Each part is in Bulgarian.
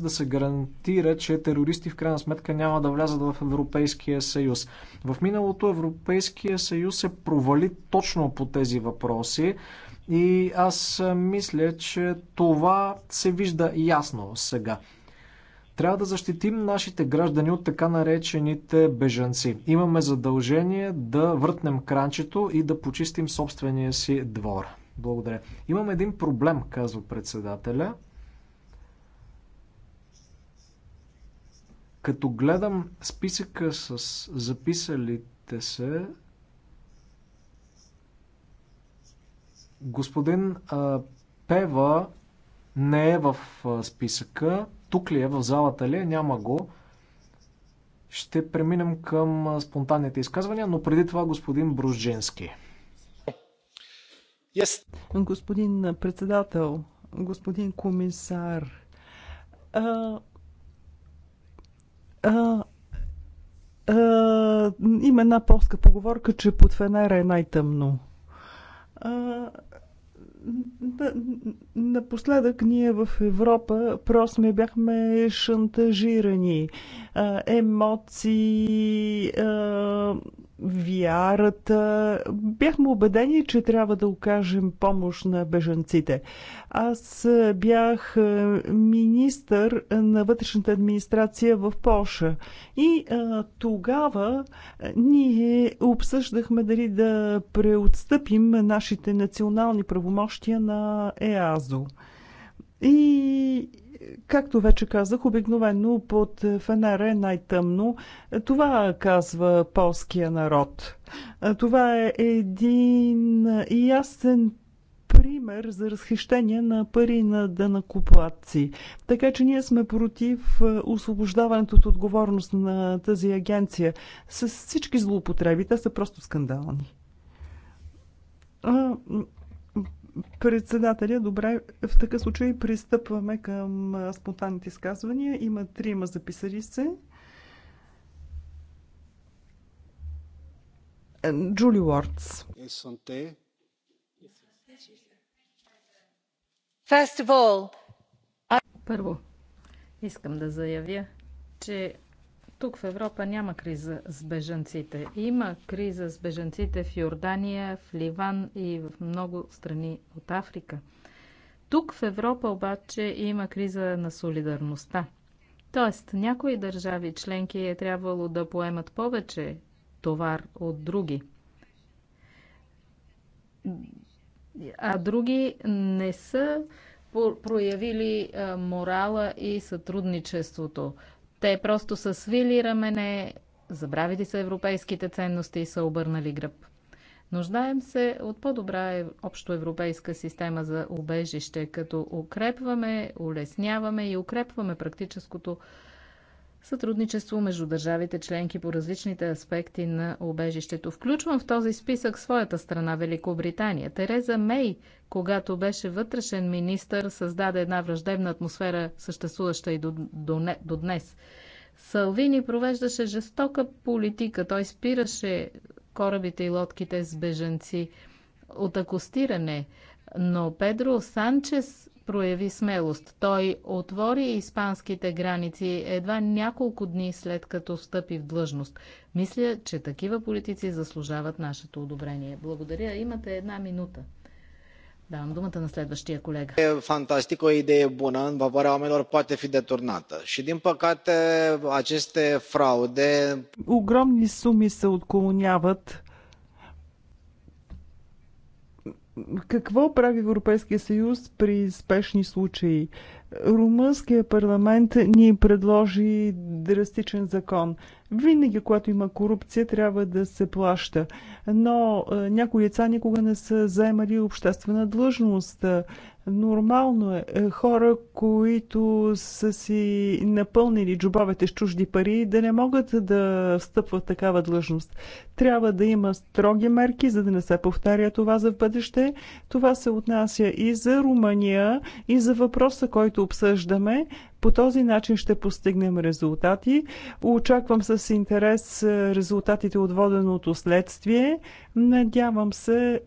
да се гарантира, че терористи в крайна сметка няма да влязат в Европейския съюз. В миналото Европейския съюз се провали точно по тези въпроси и аз мисля, че това се вижда ясно сега. Трябва да защитим нашите граждани от така наречените бежанци. Имаме задължение да въртнем кранчето и да почистим собствения си двор. Благодаря. Имам един проблем, казва председателя. Като гледам списъка с записалите се, господин а, Пева не е в списъка. Тук ли е, в залата ли е, няма го. Ще преминем към спонтанните изказвания, но преди това господин Бружински. Yes. Господин председател, господин комисар, а, а, а, има една полска поговорка, че под фенера е най-тъмно. Напоследък ние в Европа просто ми бяхме шантажирани. Емоции, вярата. Бяхме убедени, че трябва да окажем помощ на бежанците. Аз бях министър на вътрешната администрация в Польша. И а, тогава ние обсъждахме дали да преотстъпим нашите национални правомощия на ЕАЗО. И Както вече казах, обикновено под фенера е най-тъмно. Това казва полския народ. Това е един ясен пример за разхищение на пари на дънакоплатци. Така че ние сме против е, освобождаването от отговорност на тази агенция. С всички злоупотреби, те са просто скандални. Председателя, добре, в такъв случай пристъпваме към спонтанните изказвания. Има трима записали се. Е, Джули Уордс. Е, Първо, искам да заявя, че тук в Европа няма криза с бежанците. Има криза с бежанците в Йордания, в Ливан и в много страни от Африка. Тук в Европа обаче има криза на солидарността. Тоест, някои държави членки е трябвало да поемат повече товар от други. А други не са проявили морала и сътрудничеството. Те просто са свили рамене, забравили са европейските ценности и са обърнали гръб. Нуждаем се от по-добра е, общоевропейска система за убежище, като укрепваме, улесняваме и укрепваме практическото сътрудничество между държавите членки по различните аспекти на убежището. Включвам в този списък своята страна Великобритания. Тереза Мей, когато беше вътрешен министр, създаде една враждебна атмосфера, съществуваща и до, до, до днес. Салвини провеждаше жестока политика. Той спираше корабите и лодките с бежанци от акустиране. Но Педро Санчес прояви смелост. Той отвори испанските граници едва няколко дни след като стъпи в длъжност. Мисля, че такива политици заслужават нашето одобрение. Благодаря. Имате една минута. Давам думата на следващия колега. Fantastic, o idee bună, în favoarea oamenilor, poate fi deturnată. Și din păcate, aceste fraude... Огромни суми се отклоняват какво прави Европейския съюз при спешни случаи? Румънския парламент ни предложи драстичен закон. Винаги, когато има корупция, трябва да се плаща. Но е, някои лица никога не са заемали обществена длъжност. Нормално е, е хора, които са си напълнили джобовете с чужди пари, да не могат да стъпват такава длъжност. Трябва да има строги мерки, за да не се повтаря това за бъдеще. Това се отнася и за Румъния, и за въпроса, който обсъждаме. По този начин ще постигнем резултати. Очаквам с интерес е, резултатите от воденото следствие. Надявам се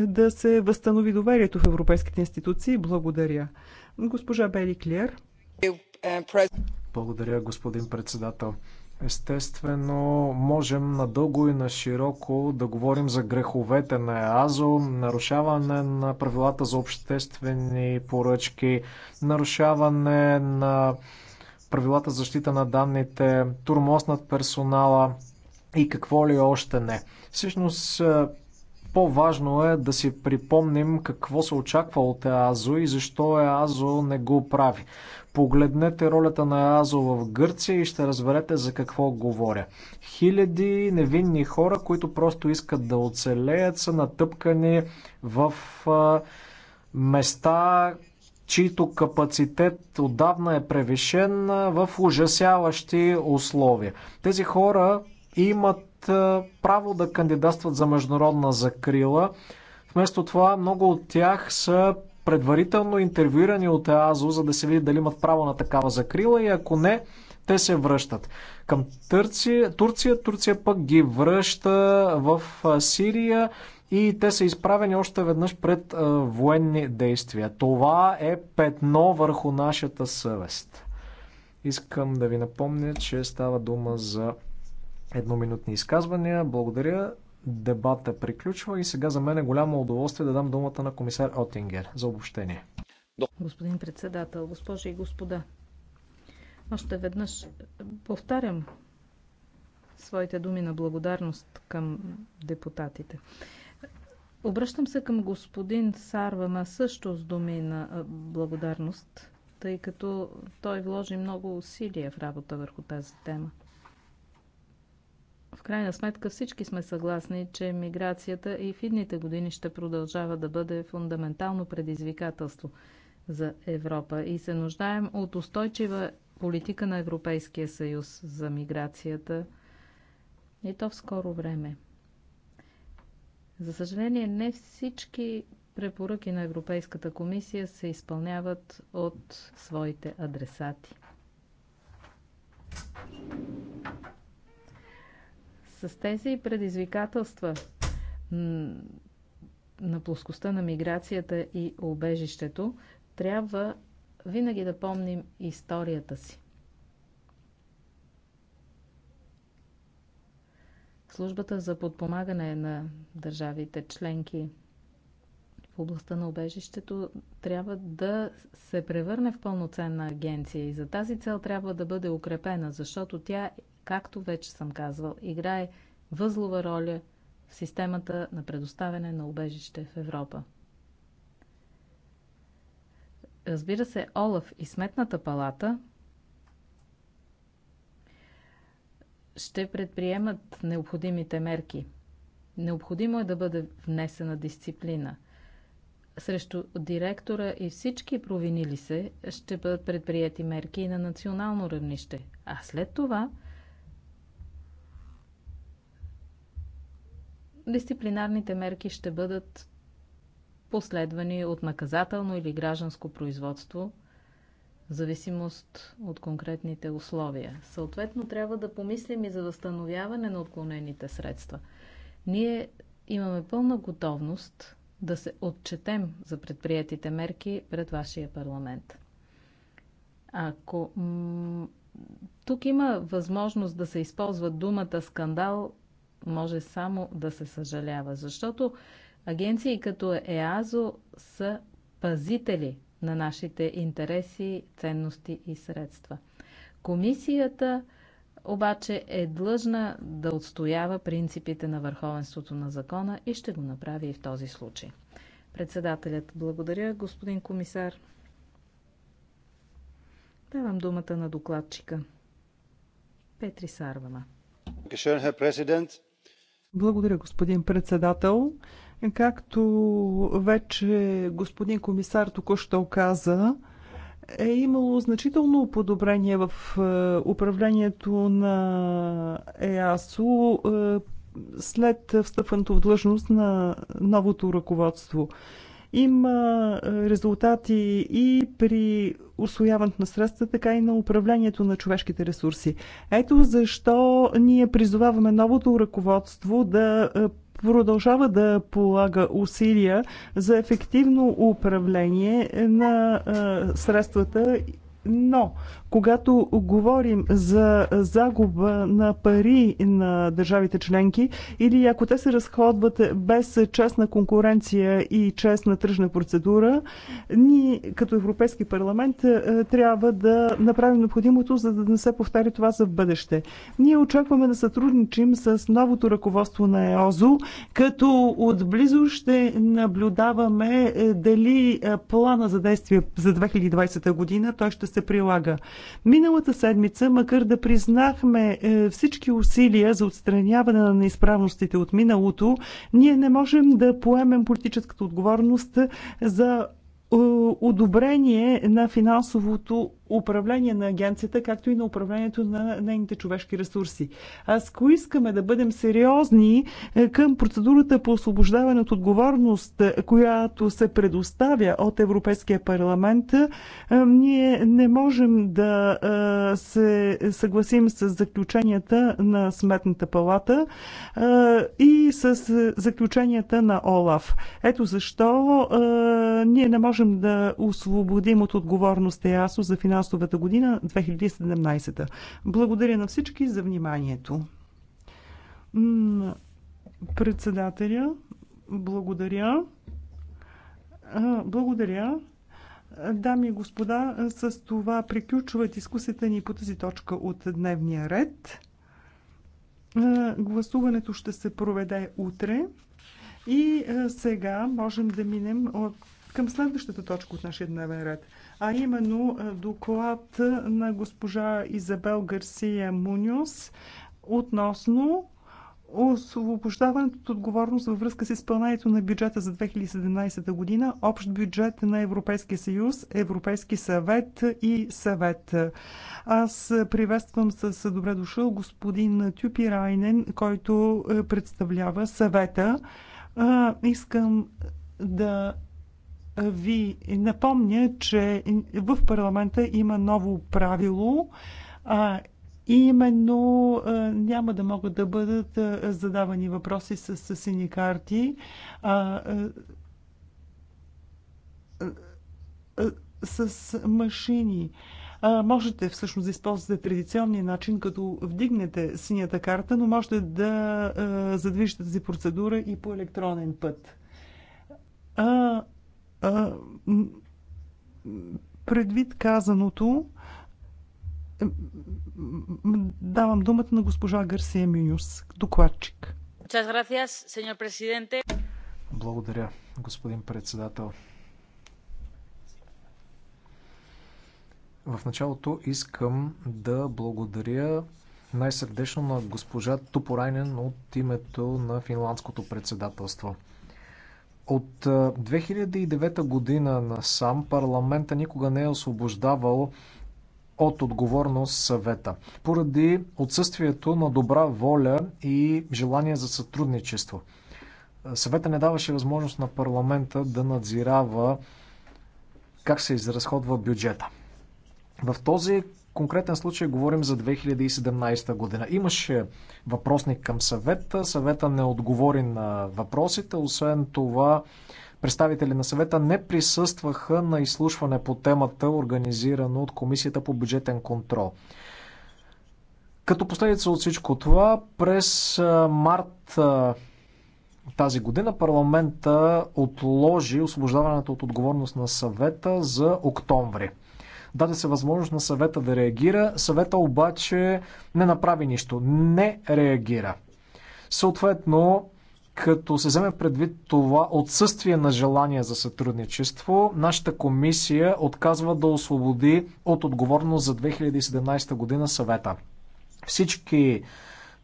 да се възстанови доверието в европейските институции. Благодаря. Госпожа Бели Клиер. Благодаря, господин председател. Естествено, можем надълго и на широко да говорим за греховете на ЕАЗО, нарушаване на правилата за обществени поръчки, нарушаване на правилата за защита на данните, турмоз над персонала и какво ли още не. Всъщност, по-важно е да си припомним какво се очаква от ЕАЗО и защо ЕАЗО не го прави. Погледнете ролята на Азо в Гърция и ще разберете за какво говоря. Хиляди невинни хора, които просто искат да оцелеят, са натъпкани в места, чийто капацитет отдавна е превишен в ужасяващи условия. Тези хора имат право да кандидатстват за международна закрила. Вместо това много от тях са предварително интервюирани от ЕАЗО, за да се види дали имат право на такава закрила и ако не, те се връщат. Към Турция, Турция, Турция пък ги връща в Сирия и те са изправени още веднъж пред а, военни действия. Това е петно върху нашата съвест. Искам да ви напомня, че става дума за едноминутни изказвания. Благодаря. Дебата приключва и сега за мен е голямо удоволствие да дам думата на комисар Отингер за обобщение. Господин председател, госпожи и господа, още веднъж повтарям своите думи на благодарност към депутатите. Обръщам се към господин Сарвама също с думи на благодарност, тъй като той вложи много усилия в работа върху тази тема. В крайна сметка всички сме съгласни, че миграцията и в идните години ще продължава да бъде фундаментално предизвикателство за Европа и се нуждаем от устойчива политика на Европейския съюз за миграцията и то в скоро време. За съжаление, не всички препоръки на Европейската комисия се изпълняват от своите адресати. С тези предизвикателства на плоскостта на миграцията и обежището трябва винаги да помним историята си. Службата за подпомагане на държавите членки областта на обежището трябва да се превърне в пълноценна агенция и за тази цел трябва да бъде укрепена, защото тя, както вече съм казвал, играе възлова роля в системата на предоставяне на обежище в Европа. Разбира се, Олаф и Сметната палата ще предприемат необходимите мерки. Необходимо е да бъде внесена дисциплина – срещу директора и всички провинили се ще бъдат предприяти мерки и на национално равнище. А след това дисциплинарните мерки ще бъдат последвани от наказателно или гражданско производство в зависимост от конкретните условия. Съответно, трябва да помислим и за възстановяване на отклонените средства. Ние имаме пълна готовност да се отчетем за предприятите мерки пред вашия парламент. Ако тук има възможност да се използва думата скандал, може само да се съжалява, защото агенции като ЕАЗО са пазители на нашите интереси, ценности и средства. Комисията обаче е длъжна да отстоява принципите на върховенството на закона и ще го направи и в този случай. Председателят, благодаря, господин комисар. Давам думата на докладчика. Петри Сарвама. Благодаря, господин председател. Както вече господин комисар току-що каза, е имало значително подобрение в е, управлението на ЕАСО е, след встъпването в длъжност на новото ръководство. Има е, резултати и при освояването на средства, така и на управлението на човешките ресурси. Ето защо ние призоваваме новото ръководство да продължава да полага усилия за ефективно управление на средствата но, когато говорим за загуба на пари на държавите членки или ако те се разходват без честна конкуренция и честна тръжна процедура, ние като Европейски парламент е, трябва да направим необходимото, за да не се повтаря това за в бъдеще. Ние очакваме да сътрудничим с новото ръководство на ЕОЗО, като отблизо ще наблюдаваме е, дали е, плана за действие за 2020 година той ще се се прилага. Миналата седмица, макар да признахме е, всички усилия за отстраняване на неизправностите от миналото, ние не можем да поемем политическата отговорност за е, одобрение на финансовото управление на агенцията, както и на управлението на нейните човешки ресурси. Аз Ако искаме да бъдем сериозни е, към процедурата по освобождаване от отговорност, е, която се предоставя от Европейския парламент, е, ние не можем да се съгласим с заключенията на Сметната палата и с заключенията на ОЛАФ. Ето защо ние не можем да освободим от отговорност ЕАСО за финансово финансовата година 2017. Благодаря на всички за вниманието. Председателя, благодаря. Благодаря. Дами и господа, с това приключва дискусията ни по тази точка от дневния ред. Гласуването ще се проведе утре. И сега можем да минем към следващата точка от нашия дневен ред а именно е, доклад на госпожа Изабел Гарсия Муниос относно освобождаването от отговорност във връзка с изпълнението на бюджета за 2017 година, общ бюджет на Европейския съюз, Европейски съвет и съвет. Аз приветствам с добре дошъл господин Тюпи Райнен, който е, представлява съвета. Искам да ви напомня, че в парламента има ново правило, а именно няма да могат да бъдат задавани въпроси с, с сини карти. А, с машини. А, можете всъщност да използвате традиционния начин, като вдигнете синята карта, но можете да а, задвижите тази процедура и по електронен път. А, Предвид казаното, давам думата на госпожа Гарсия Мюнюс, докладчик. Благодаря, господин председател. В началото искам да благодаря най-сърдечно на госпожа Тупорайнен от името на финландското председателство. От 2009 година насам парламента никога не е освобождавал от отговорност съвета, поради отсъствието на добра воля и желание за сътрудничество. Съвета не даваше възможност на парламента да надзирава как се изразходва бюджета. В този конкретен случай говорим за 2017 година. Имаше въпросник към съвета, съвета не отговори на въпросите, освен това представители на съвета не присъстваха на изслушване по темата, организирано от Комисията по бюджетен контрол. Като последица от всичко това, през март тази година парламента отложи освобождаването от отговорност на съвета за октомври. Даде се възможност на съвета да реагира. Съвета обаче не направи нищо. Не реагира. Съответно, като се вземе предвид това отсъствие на желание за сътрудничество, нашата комисия отказва да освободи от отговорност за 2017 година съвета. Всички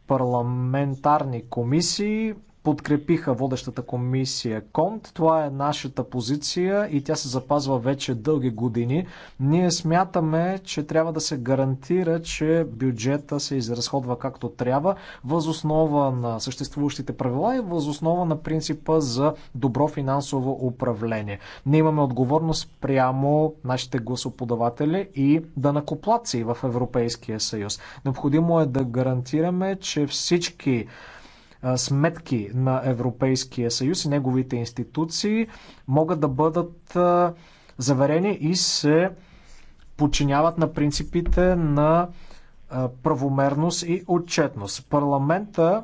парламентарни комисии подкрепиха водещата комисия Конт. Това е нашата позиция и тя се запазва вече дълги години. Ние смятаме, че трябва да се гарантира, че бюджета се изразходва както трябва, възоснова на съществуващите правила и възоснова на принципа за добро финансово управление. Ние имаме отговорност прямо нашите гласоподаватели и данакоплаци в Европейския съюз. Необходимо е да гарантираме, че всички сметки на Европейския съюз и неговите институции могат да бъдат заверени и се подчиняват на принципите на правомерност и отчетност. Парламента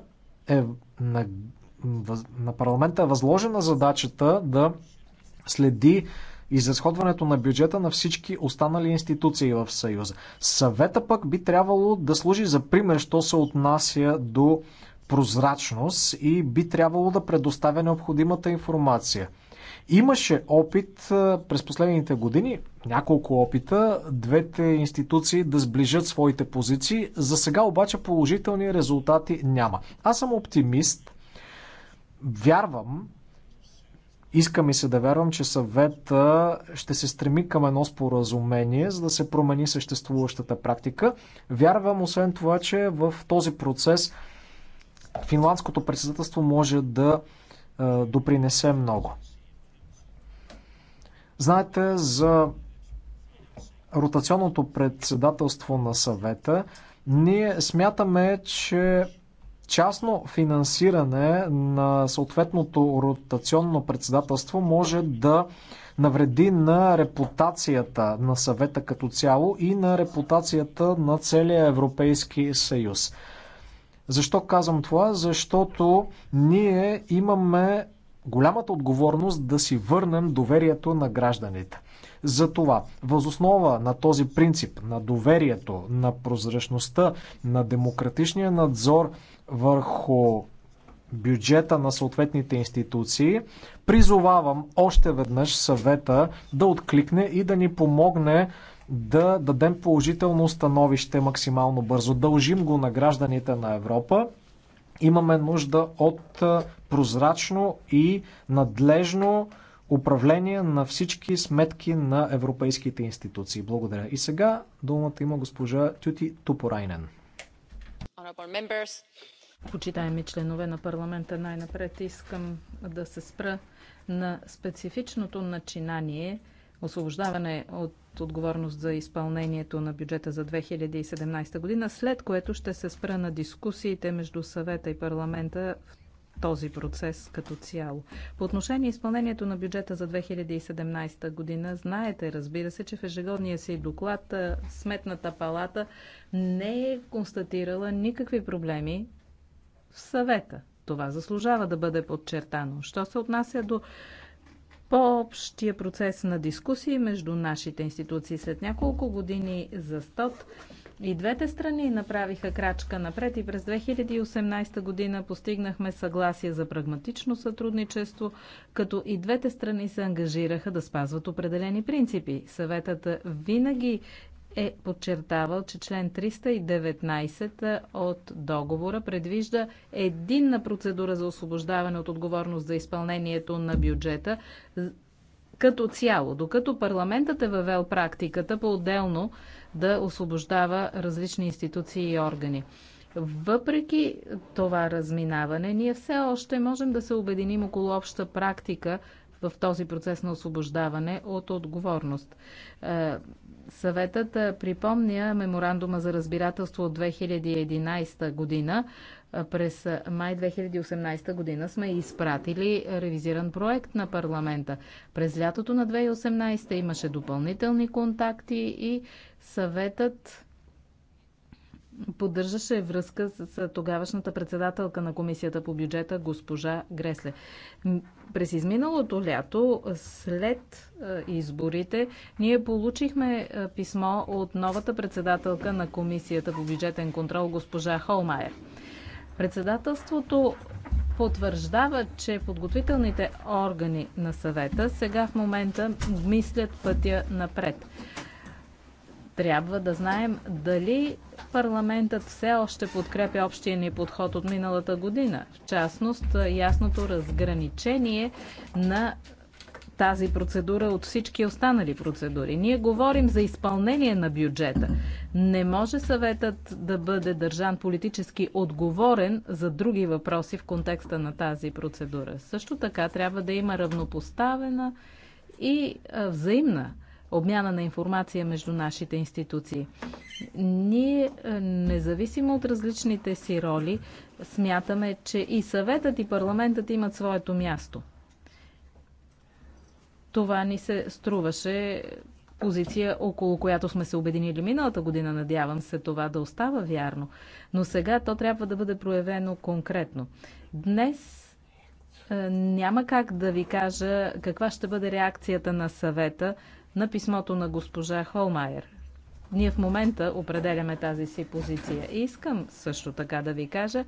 е на, на парламента е възложена задачата да следи изразходването на бюджета на всички останали институции в Съюза. Съвета пък би трябвало да служи за пример, що се отнася до прозрачност и би трябвало да предоставя необходимата информация. Имаше опит през последните години, няколко опита, двете институции да сближат своите позиции. За сега обаче положителни резултати няма. Аз съм оптимист. Вярвам, иска ми се да вярвам, че съвета ще се стреми към едно споразумение, за да се промени съществуващата практика. Вярвам, освен това, че в този процес финландското председателство може да допринесе много. Знаете за ротационното председателство на съвета. Ние смятаме, че частно финансиране на съответното ротационно председателство може да навреди на репутацията на съвета като цяло и на репутацията на целия Европейски съюз. Защо казвам това? Защото ние имаме голямата отговорност да си върнем доверието на гражданите. Затова, възоснова на този принцип, на доверието, на прозрачността, на демократичния надзор върху бюджета на съответните институции, призовавам още веднъж съвета да откликне и да ни помогне да дадем положително становище максимално бързо. Дължим го на гражданите на Европа. Имаме нужда от прозрачно и надлежно управление на всички сметки на европейските институции. Благодаря. И сега думата има госпожа Тюти Тупорайнен. Почитаеми членове на парламента, най-напред искам да се спра на специфичното начинание – освобождаване от отговорност за изпълнението на бюджета за 2017 година, след което ще се спра на дискусиите между съвета и парламента в този процес като цяло. По отношение изпълнението на бюджета за 2017 година, знаете, разбира се, че в ежегодния си доклад Сметната палата не е констатирала никакви проблеми в съвета. Това заслужава да бъде подчертано. Що се отнася до по-общия процес на дискусии между нашите институции. След няколко години за СТОТ и двете страни направиха крачка напред и през 2018 година постигнахме съгласие за прагматично сътрудничество, като и двете страни се ангажираха да спазват определени принципи. Съветът винаги е подчертавал, че член 319 от договора предвижда единна процедура за освобождаване от отговорност за изпълнението на бюджета като цяло, докато парламентът е въвел практиката по-отделно да освобождава различни институции и органи. Въпреки това разминаване, ние все още можем да се обединим около обща практика в този процес на освобождаване от отговорност. Е, съветът е, припомня меморандума за разбирателство от 2011 година. Е, през май 2018 година сме изпратили ревизиран проект на парламента. През лятото на 2018 имаше допълнителни контакти и съветът поддържаше връзка с тогавашната председателка на Комисията по бюджета, госпожа Гресле. През изминалото лято, след изборите, ние получихме писмо от новата председателка на Комисията по бюджетен контрол, госпожа Холмайер. Председателството потвърждава, че подготвителните органи на съвета сега в момента мислят пътя напред. Трябва да знаем дали парламентът все още подкрепя общия ни подход от миналата година. В частност, ясното разграничение на тази процедура от всички останали процедури. Ние говорим за изпълнение на бюджета. Не може съветът да бъде държан политически отговорен за други въпроси в контекста на тази процедура. Също така трябва да има равнопоставена и взаимна обмяна на информация между нашите институции. Ние, е, независимо от различните си роли, смятаме, че и съветът и парламентът имат своето място. Това ни се струваше позиция, около която сме се обединили миналата година. Надявам се това да остава вярно. Но сега то трябва да бъде проявено конкретно. Днес е, няма как да ви кажа каква ще бъде реакцията на съвета на писмото на госпожа Холмайер. Ние в момента определяме тази си позиция. И искам също така да ви кажа,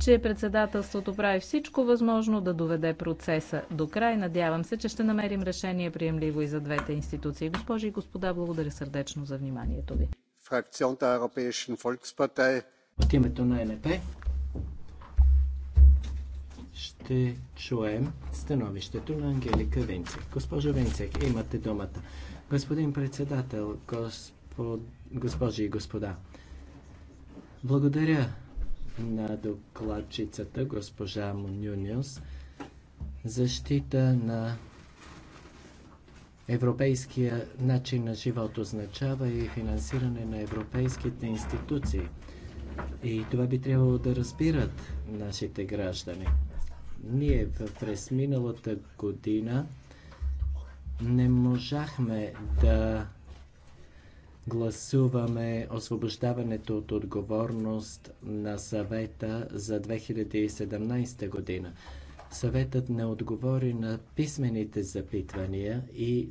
че председателството прави всичко възможно да доведе процеса до край. Надявам се, че ще намерим решение приемливо и за двете институции. Госпожи и господа, благодаря сърдечно за вниманието ви. Фракционта Европейшен Volkspartei от името на е НП ще чуем становището на Ангелика Венцек. Госпожо Венцек, имате думата. Господин председател, господ... госпожи и господа, благодаря на докладчицата госпожа Мунюниус защита на Европейския начин на живот означава и финансиране на европейските институции. И това би трябвало да разбират нашите граждани. Ние през миналата година не можахме да гласуваме освобождаването от отговорност на съвета за 2017 година. Съветът не отговори на писмените запитвания и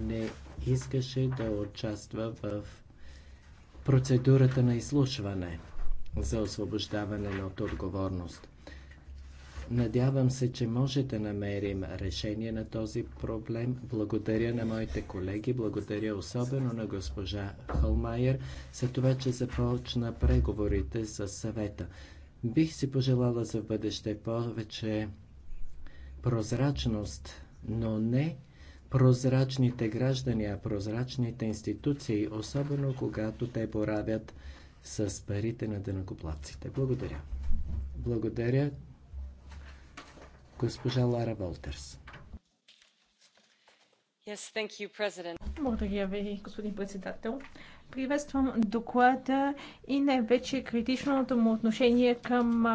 не искаше да участва в процедурата на изслушване за освобождаване от отговорност. Надявам се, че може да намерим решение на този проблем. Благодаря на моите колеги, благодаря особено на госпожа Холмайер за това, че започна преговорите с съвета. Бих си пожелала за бъдеще повече прозрачност, но не прозрачните граждани, а прозрачните институции, особено когато те боравят с парите на дънакоплаците. Благодаря. Благодаря. Госпожа Лара Волтерс. Yes, thank you, Благодаря ви, господин председател. Приветствам доклада и най-вече критичното му отношение към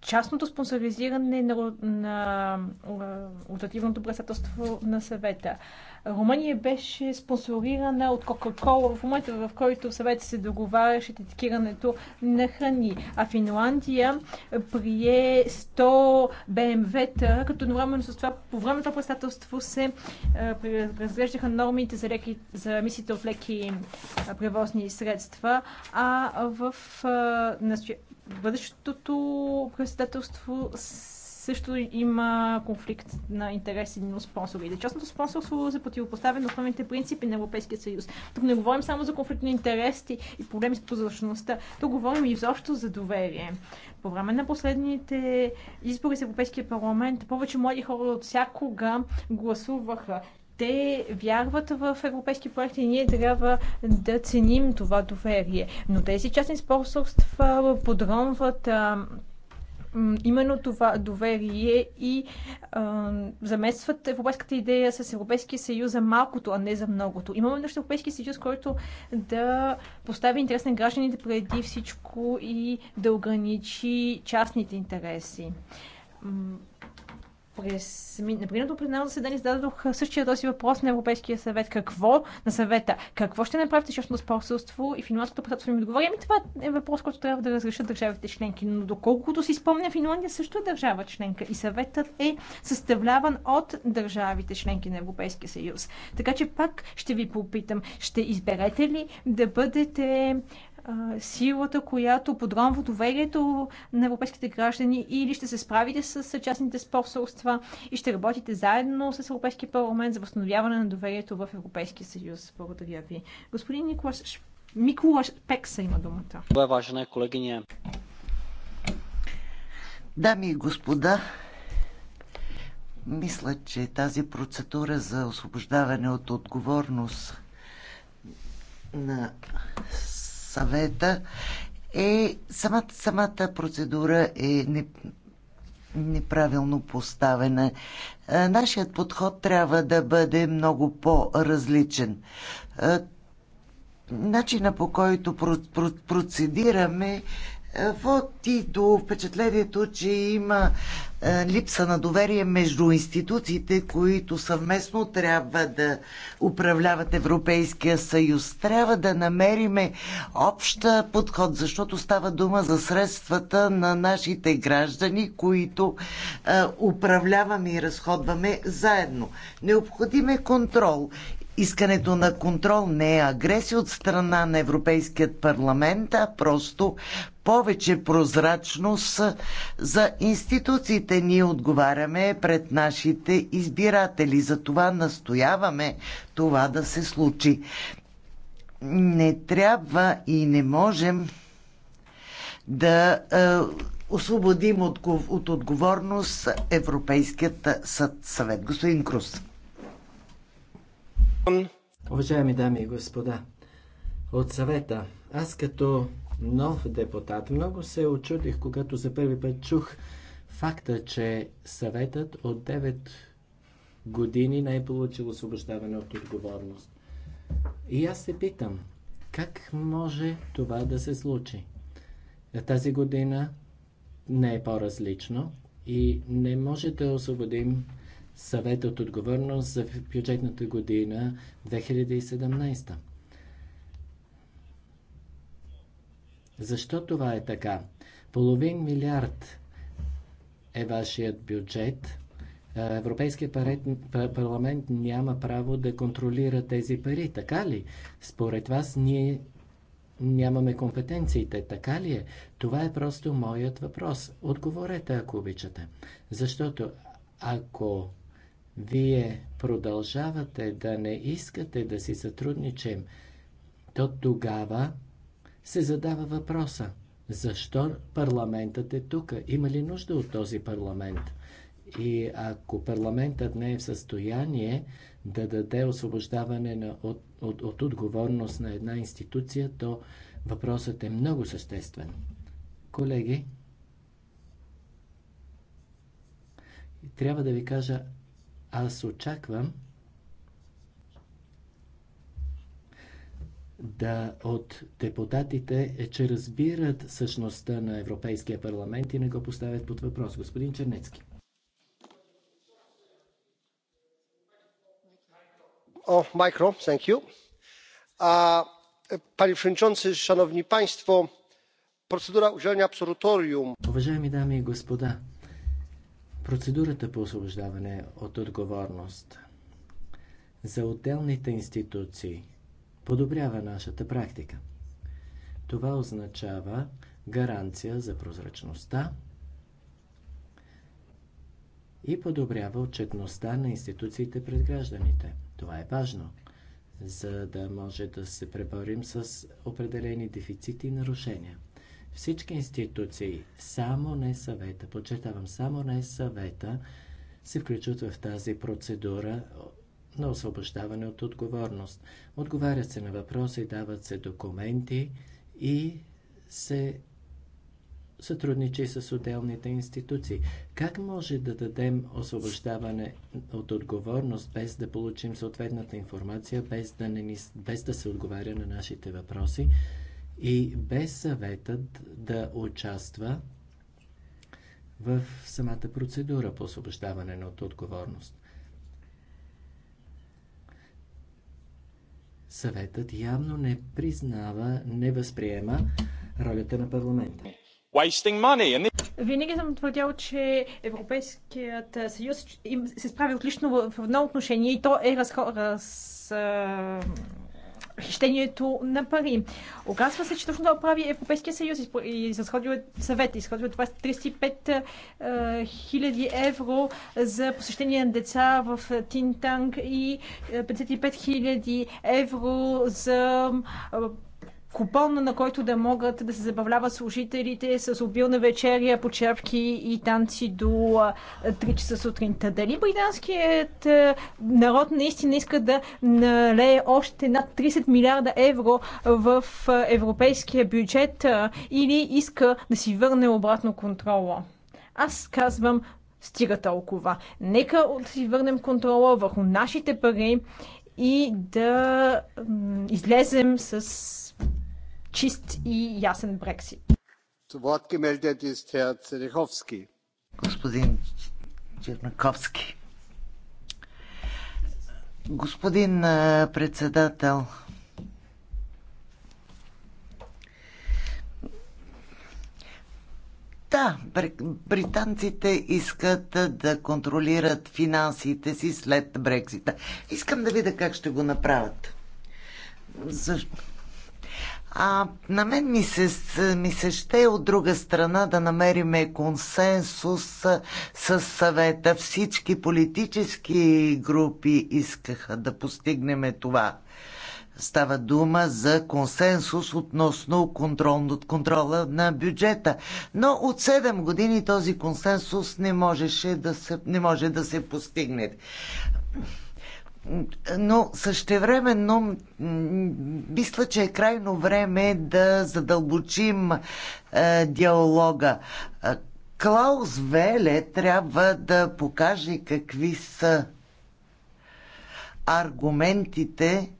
частното спонсоризиране на, на ротативното председателство на съвета. Румъния беше спонсорирана от Кока-Кола в момента, в който съвет се договаряше етикирането на храни. А Финландия прие 100 БМВ-та, като едновременно с това, по време на това председателство се разглеждаха нормите за, леки, за емисиите от леки превозни средства, а в а, бъдещото председателство също има конфликт на интереси на спонсорите. Частното спонсорство за е противопоставя на основните принципи на Европейския съюз. Тук не говорим само за конфликт на интереси и проблеми с прозрачността. Тук говорим и изобщо за доверие. По време на последните избори за Европейския парламент повече млади хора от всякога гласуваха те вярват в европейски проекти и ние трябва да ценим това доверие. Но тези частни спонсорства подронват именно това доверие и а, заместват европейската идея с Европейския съюз за малкото, а не за многото. Имаме нещо Европейския съюз, който да постави интерес на гражданите преди всичко и да ограничи частните интереси през миналото пленарно заседание зададох същия този въпрос на Европейския съвет. Какво на съвета? Какво ще направите всъщност спонсорство? И финландското председателство ми отговори, ами това е въпрос, който трябва да разрешат държавите членки. Но доколкото си спомня, Финландия също е държава членка и съветът е съставляван от държавите членки на Европейския съюз. Така че пак ще ви попитам, ще изберете ли да бъдете силата, която подронва доверието на европейските граждани или ще се справите с частните способства и ще работите заедно с Европейския парламент за възстановяване на доверието в Европейския съюз. Благодаря ви. Господин Николаш, Миколаш Пекса има думата. Добре, важна е, колегиня. Дами и господа, мисля, че тази процедура за освобождаване от отговорност на съвета е самата, самата процедура е не, неправилно поставена. Е, нашият подход трябва да бъде много по-различен. Е, начина по който процедираме е, води до впечатлението, че има е, липса на доверие между институциите, които съвместно трябва да управляват Европейския съюз. Трябва да намериме обща подход, защото става дума за средствата на нашите граждани, които е, управляваме и разходваме заедно. Необходим е контрол искането на контрол не е агресия от страна на Европейският парламент, а просто повече прозрачност за институциите. Ние отговаряме пред нашите избиратели. Затова настояваме това да се случи. Не трябва и не можем да е, освободим от, от отговорност Европейският съд, съвет. Господин Крус. Уважаеми дами и господа, от съвета, аз като нов депутат, много се очудих, когато за първи път чух факта, че съветът от 9 години не е получил освобождаване от отговорност. И аз се питам, как може това да се случи? Тази година не е по-различно и не може да освободим съвет от отговорност за бюджетната година 2017. Защо това е така? Половин милиард е вашият бюджет. Европейския парламент няма право да контролира тези пари, така ли? Според вас ние нямаме компетенциите, така ли е? Това е просто моят въпрос. Отговорете, ако обичате. Защото ако вие продължавате да не искате да си сътрудничим, то тогава се задава въпроса защо парламентът е тук? Има ли нужда от този парламент? И ако парламентът не е в състояние да даде освобождаване на, от, от, от отговорност на една институция, то въпросът е много съществен. Колеги, трябва да ви кажа, аз очаквам да, от депутатите е, че разбират същността на Европейския парламент и не го поставят под въпрос. Господин Чернецки. О, майкро, thank you. А, panie przewodniczący, szanowni państwo, процедура udzielenia absolutorium. Уважаеми дами и господа, процедурата по освобождаване от отговорност за отделните институции – подобрява нашата практика. Това означава гаранция за прозрачността и подобрява отчетността на институциите пред гражданите. Това е важно, за да може да се преборим с определени дефицити и нарушения. Всички институции, само не съвета, подчертавам, само не съвета, се включват в тази процедура на освобождаване от отговорност. Отговарят се на въпроси, дават се документи и се сътрудничи с отделните институции. Как може да дадем освобождаване от отговорност без да получим съответната информация, без да, не ни, без да се отговаря на нашите въпроси и без съветът да участва в самата процедура по освобождаване от отговорност? съветът явно не признава, не възприема ролята на парламента. Винаги съм твърдял, че Европейският съюз се справи отлично в едно отношение и то е раз, раз, хищението на пари. Оказва се, че точно това прави Европейския съюз и изразходил е съвет. Изразходил 35 е 000 е, евро за посещение на деца в Тинтанг и 55 000 евро за купон, на който да могат да се забавляват служителите с обилна вечеря, почерпки и танци до 3 часа сутринта. Дали британският народ наистина иска да налее още над 30 милиарда евро в европейския бюджет или иска да си върне обратно контрола? Аз казвам, стига толкова. Нека да си върнем контрола върху нашите пари и да излезем с чист и ясен Брексит. Господин Чернаковски. Господин председател, Да, британците искат да контролират финансите си след Брексита. Искам да видя как ще го направят. Защо? А на мен ми се, ми се ще от друга страна да намериме консенсус с съвета. Всички политически групи искаха да постигнем това. Става дума за консенсус относно контрол, от контрола на бюджета. Но от 7 години този консенсус не, можеше да се, не може да се постигне но същевременно мисля, че е крайно време да задълбочим е, диалога. Е, Клаус Веле трябва да покаже какви са аргументите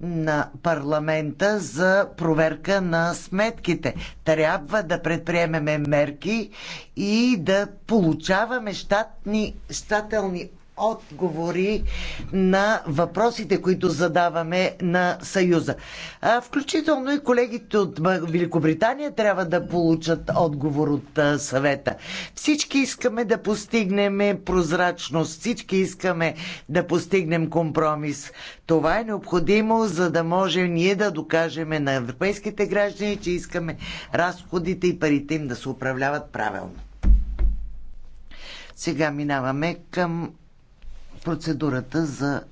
на парламента за проверка на сметките. Трябва да предприемеме мерки и да получаваме щатни, щателни отговори на въпросите, които задаваме на Съюза. Включително и колегите от Великобритания трябва да получат отговор от съвета. Всички искаме да постигнем прозрачност, всички искаме да постигнем компромис. Това е необходимо, за да можем ние да докажем на европейските граждани, че искаме разходите и парите им да се управляват правилно. Сега минаваме към процедурата за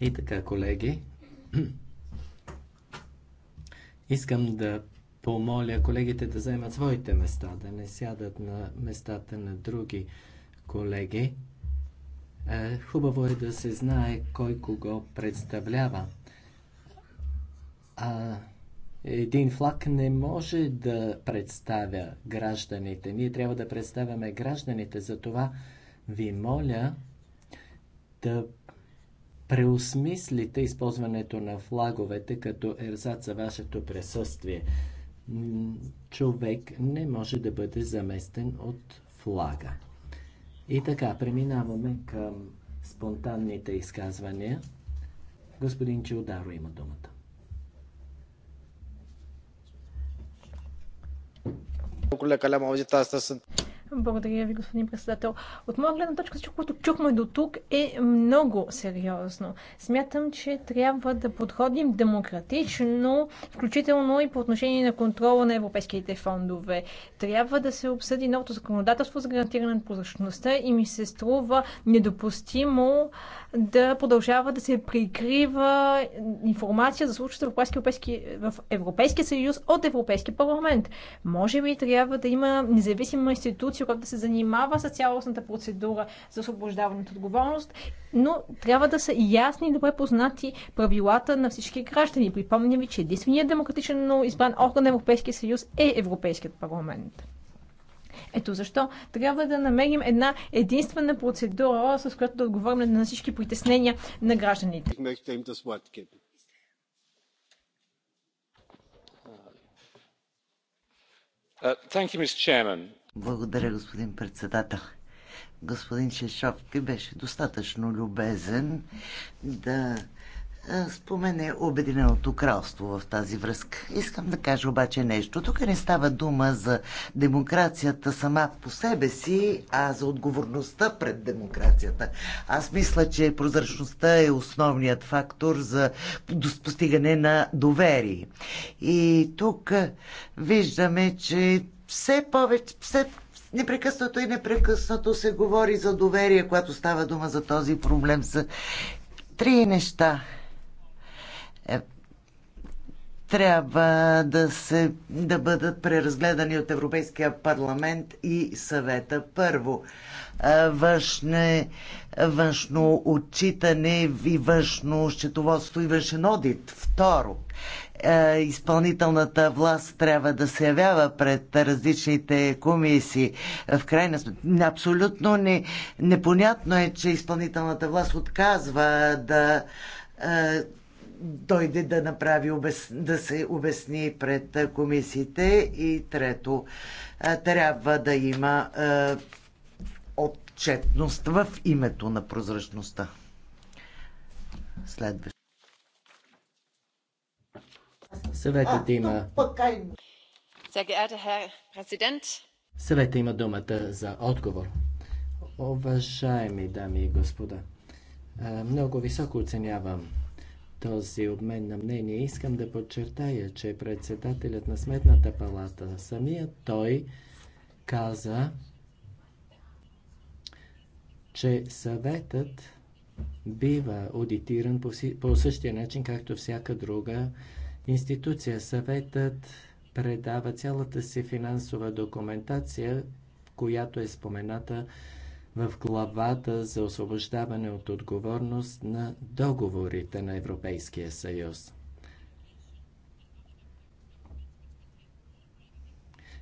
И така, колеги, искам да помоля колегите да вземат своите места, да не сядат на местата на други колеги. Е, хубаво е да се знае кой кого представлява. А, един флаг не може да представя гражданите. Ние трябва да представяме гражданите. Затова ви моля да преосмислите използването на флаговете като ерзат за вашето присъствие. Човек не може да бъде заместен от флага. И така, преминаваме към спонтанните изказвания. Господин Чилдаро има думата. lucrurile care le am auzit astăzi sunt. Благодаря ви, господин председател. От моя гледна точка, всичко, което чухме до тук, е много сериозно. Смятам, че трябва да подходим демократично, включително и по отношение на контрола на европейските фондове. Трябва да се обсъди новото законодателство за гарантиране на прозрачността и ми се струва недопустимо да продължава да се прикрива информация за случаите в, европейски, в Европейския съюз от Европейския парламент. Може би трябва да има независима институция, комисия, която да се занимава с цялостната процедура за освобождаване от отговорност, но трябва да са ясни и добре познати правилата на всички граждани. Припомням ви, че единственият демократично избран орган на Европейския съюз е Европейският парламент. Ето защо трябва да намерим една единствена процедура, с която да отговорим на всички притеснения на гражданите. Uh, you, благодаря, господин председател. Господин ти беше достатъчно любезен да спомене Обединеното кралство в тази връзка. Искам да кажа обаче нещо. Тук не става дума за демокрацията сама по себе си, а за отговорността пред демокрацията. Аз мисля, че прозрачността е основният фактор за постигане на доверие. И тук виждаме, че все повече, все непрекъснато и непрекъснато се говори за доверие, когато става дума за този проблем. Са три неща. Е, трябва да, се, да бъдат преразгледани от Европейския парламент и съвета. Първо, е, външне, външно отчитане и външно счетоводство и външен одит. Второ, е, изпълнителната власт трябва да се явява пред различните комисии. В крайна сметка, абсолютно не, непонятно е, че изпълнителната власт отказва да е, дойде да направи, да се обясни пред комисиите и трето, е, трябва да има отчетност в името на прозрачността. Следващо. Съветът има... има думата за отговор. Уважаеми дами и господа, много високо оценявам този обмен на мнение. Искам да подчертая, че председателят на Сметната палата, самия той каза, че съветът бива аудитиран по, по същия начин, както всяка друга институция. Съветът предава цялата си финансова документация, която е спомената в главата за освобождаване от отговорност на договорите на Европейския съюз.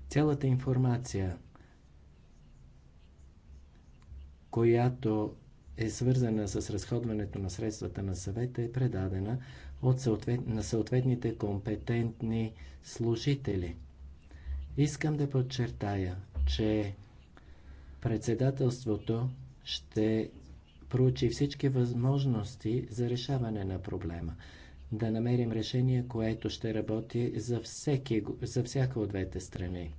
Цялата информация, която е свързана с разходването на средствата на съвета, е предадена от съответ, на съответните компетентни служители. Искам да подчертая, че председателството ще проучи всички възможности за решаване на проблема. Да намерим решение, което ще работи за, всеки, за всяка от двете страни.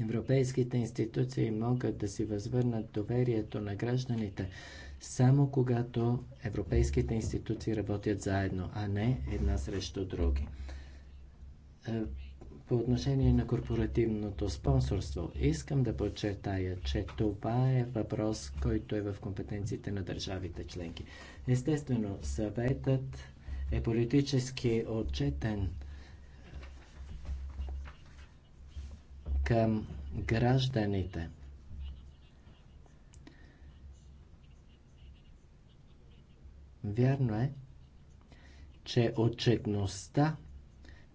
Европейските институции могат да си възвърнат доверието на гражданите, само когато европейските институции работят заедно, а не една срещу други. Е, по отношение на корпоративното спонсорство, искам да подчертая, че това е въпрос, който е в компетенциите на държавите членки. Естествено, съветът е политически отчетен към гражданите. Вярно е, че отчетността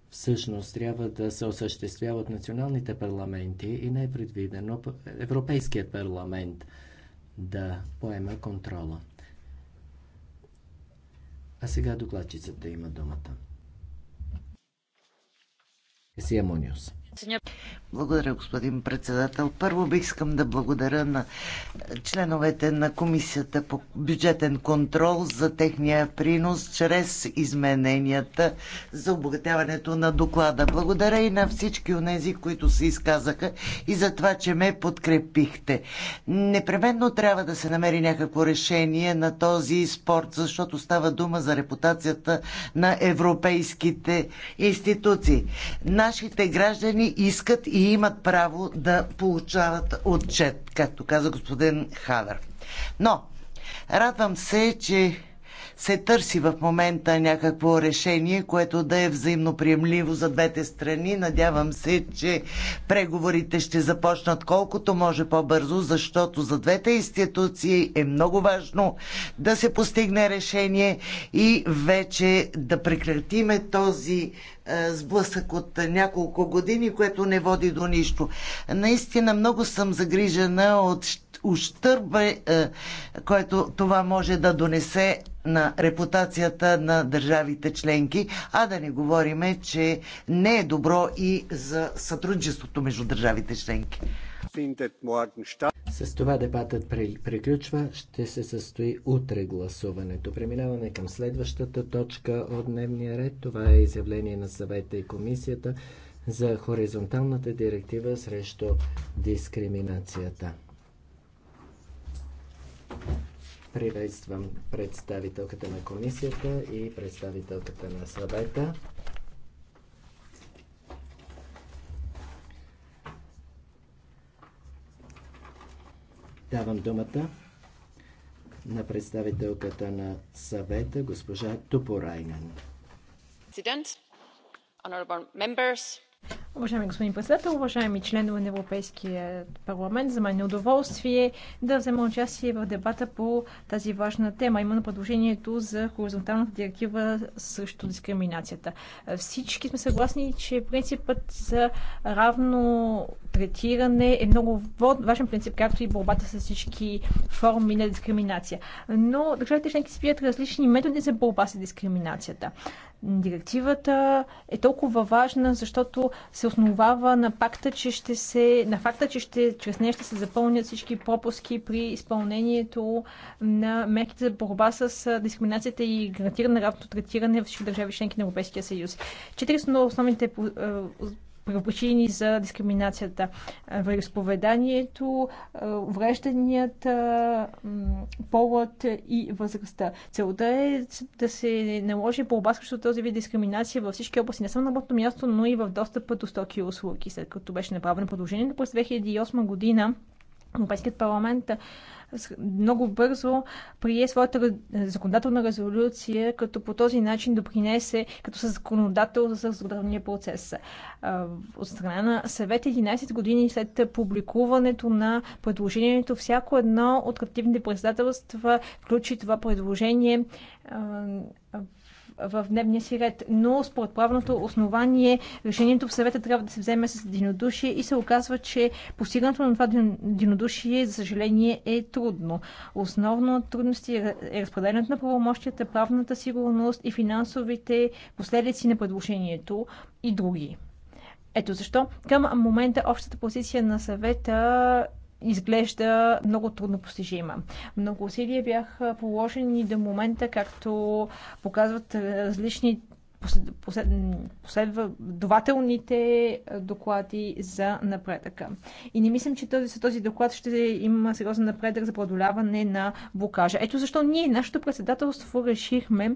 всъщност трябва да се осъществява от националните парламенти и не е предвидено Европейският парламент да поема контрола. А сега докладчицата има думата. Сия Муниус. Благодаря, господин председател. Първо бих искам да благодаря на членовете на Комисията по бюджетен контрол за техния принос чрез измененията за обогатяването на доклада. Благодаря и на всички тези, които се изказаха и за това, че ме подкрепихте. Непременно трябва да се намери някакво решение на този спорт, защото става дума за репутацията на европейските институции. Нашите граждани искат и и имат право да получават отчет, както каза господин Хавер. Но, радвам се, че се търси в момента някакво решение, което да е взаимно приемливо за двете страни. Надявам се, че преговорите ще започнат колкото може по-бързо, защото за двете институции е много важно да се постигне решение и вече да прекратиме този е, сблъсък от няколко години, което не води до нищо. Наистина много съм загрижена от ущърба, е, е, който това може да донесе на репутацията на държавите членки, а да не говориме, че не е добро и за сътрудничеството между държавите членки. С това дебатът приключва. Ще се състои утре гласуването. Преминаваме към следващата точка от дневния ред. Това е изявление на съвета и комисията за хоризонталната директива срещу дискриминацията. Приветствам представителката на комисията и представителката на съвета. Давам думата на представителката на съвета, госпожа Тупорайнен. Уважаеми господин председател, уважаеми членове на Европейския парламент, за мен е удоволствие да взема участие в дебата по тази важна тема, именно предложението за хоризонталната директива срещу дискриминацията. Всички сме съгласни, че принципът за равно третиране е много важен принцип, както и борбата с всички форми на дискриминация. Но държавите членки си бият различни методи за борба с дискриминацията. Директивата е толкова важна, защото се основава на факта, че ще се, на факта, че ще, чрез нея ще се запълнят всички пропуски при изпълнението на мерките за борба с дискриминацията и гарантиране на равното третиране в всички държави членки на Европейския съюз. Четири са основните причини за дискриминацията. Вероисповеданието, е, врежданията, е, полът и възрастта. Целта е да се наложи борба срещу този вид дискриминация във всички области, не само на работното място, но и в достъпа до стоки и услуги, след като беше направено предложението през 2008 година Европейският парламент е, много бързо прие своята законодателна резолюция, като по този начин допринесе като със законодател за здравния процес. От страна на съвет 11 години след публикуването на предложението, всяко едно от активните председателства включи това предложение в дневния си ред. Но според правното основание решението в съвета трябва да се вземе с единодушие и се оказва, че постигането на това единодушие, за съжаление, е трудно. Основно трудности е, е разпределението на правомощията, правната сигурност и финансовите последици на предложението и други. Ето защо към момента общата позиция на съвета изглежда много трудно постижима. Много усилия бяха положени до момента, както показват различни послед, последователните доклади за напредъка. И не мислим, че този, този доклад ще има сериозен напредък за преодоляване на блокажа. Ето защо ние, нашето председателство, решихме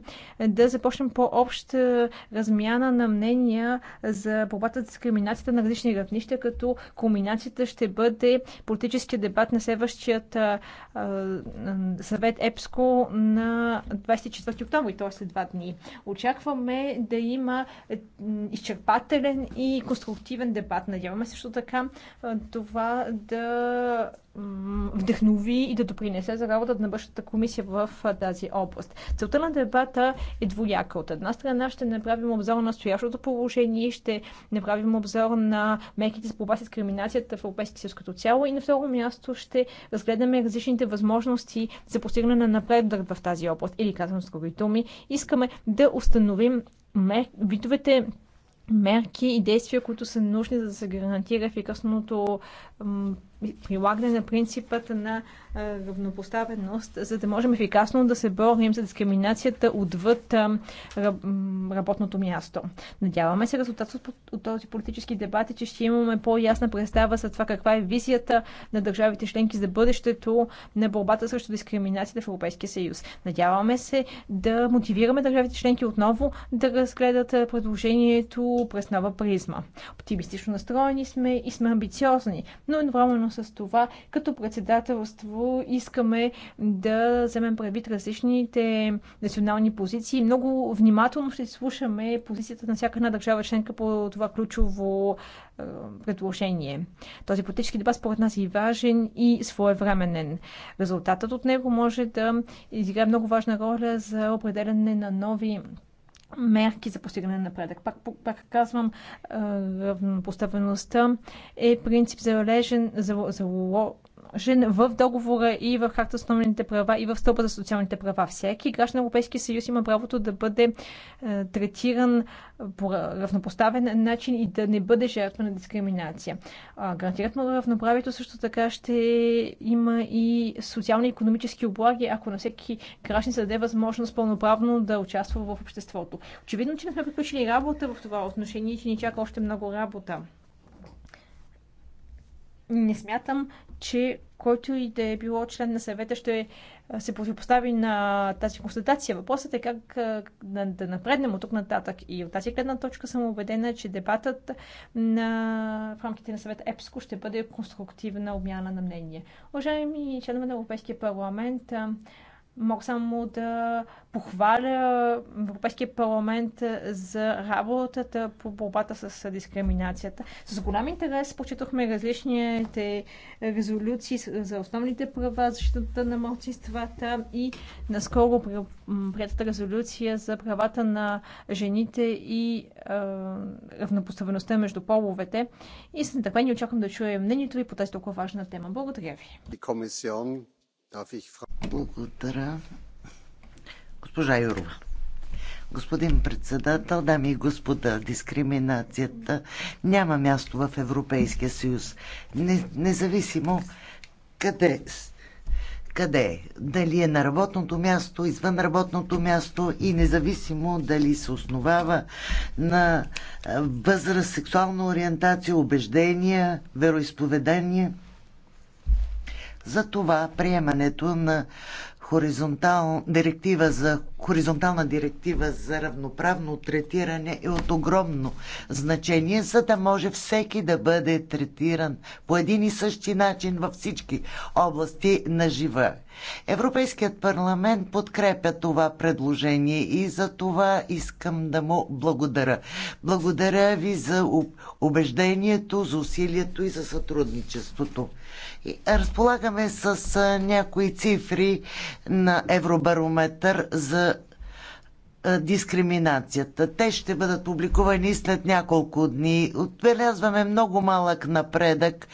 да започнем по-обща размяна на мнения за борбата с дискриминацията на различни равнища, като комбинацията ще бъде политическия дебат на следващият а, а, съвет ЕПСКО на 24 октомври, т.е. след два дни. Очакваме да има е, изчерпателен и конструктивен дебат. Надяваме също така е, това да вдъхнови и да допринесе за работата на бъдещата комисия в е, тази област. Целта на дебата е двояка. От една страна ще направим обзор на стоящото положение, ще направим обзор на мерките за борба с дискриминацията в Европейския съюз като цяло и на второ място ще разгледаме различните възможности за постигане на напредък в тази област. Или казвам с други думи, искаме да установим мер... видовете мерки и действия, които са нужни, за да се гарантира ефикасното прилагане на принципата на равнопоставеност, за да можем ефикасно да се борим за дискриминацията отвъд работното място. Надяваме се резултат от този политически дебат е, че ще имаме по-ясна представа за това каква е визията на държавите членки за бъдещето на борбата срещу дискриминацията в Европейския съюз. Надяваме се да мотивираме държавите членки отново да разгледат предложението през нова призма. Оптимистично настроени сме и сме амбициозни, но едновременно с това, като председателство искаме да вземем предвид различните национални позиции. Много внимателно ще слушаме позицията на всяка една държава членка по това ключово е, предложение. Този политически дебат според нас е важен и своевременен. Резултатът от него може да изиграе много важна роля за определене на нови мерки за постигане на напредък. Пак, пак казвам, равнопоставеността е принцип залежен, зало, зало, в договора и в Харта основните права и в стълба за социалните права. Всеки граждан на Европейския съюз има правото да бъде е, третиран по равнопоставен начин и да не бъде жертва на дискриминация. Гарантират му равноправието също така ще има и социални и економически облаги, ако на всеки граждан се даде възможност пълноправно да участва в обществото. Очевидно, че не сме приключили работа в това отношение и че ни чака още много работа не смятам, че който и да е било член на съвета ще се противопостави на тази констатация. Въпросът е как да, да напреднем от тук нататък. И от тази гледна точка съм убедена, че дебатът на, в рамките на съвета ЕПСКО ще бъде конструктивна обмяна на мнение. Уважаеми членове на Европейския парламент, Мога само да похваля Европейския парламент е, за работата по борбата с дискриминацията. С голям интерес почитахме различните резолюции за основните права, защитата на малцинствата и наскоро приятата резолюция за правата на жените и е, равнопоставеността между половете. И с нетърпение очаквам да чуя мнението ви по тази толкова важна тема. Благодаря ви. Благодаря. Госпожа Юрова. Господин председател, дами и господа, дискриминацията няма място в Европейския съюз. Не, независимо къде, къде е. Дали е на работното място, извън работното място и независимо дали се основава на възраст, сексуална ориентация, убеждения, вероисповедания. За това приемането на хоризонтал, директива за, хоризонтална директива за равноправно третиране е от огромно значение, за да може всеки да бъде третиран по един и същи начин във всички области на жива. Европейският парламент подкрепя това предложение и за това искам да му благодаря. Благодаря ви за убеждението, за усилието и за сътрудничеството. Разполагаме с някои цифри на Евробарометър за дискриминацията. Те ще бъдат публикувани след няколко дни. Отбелязваме много малък напредък,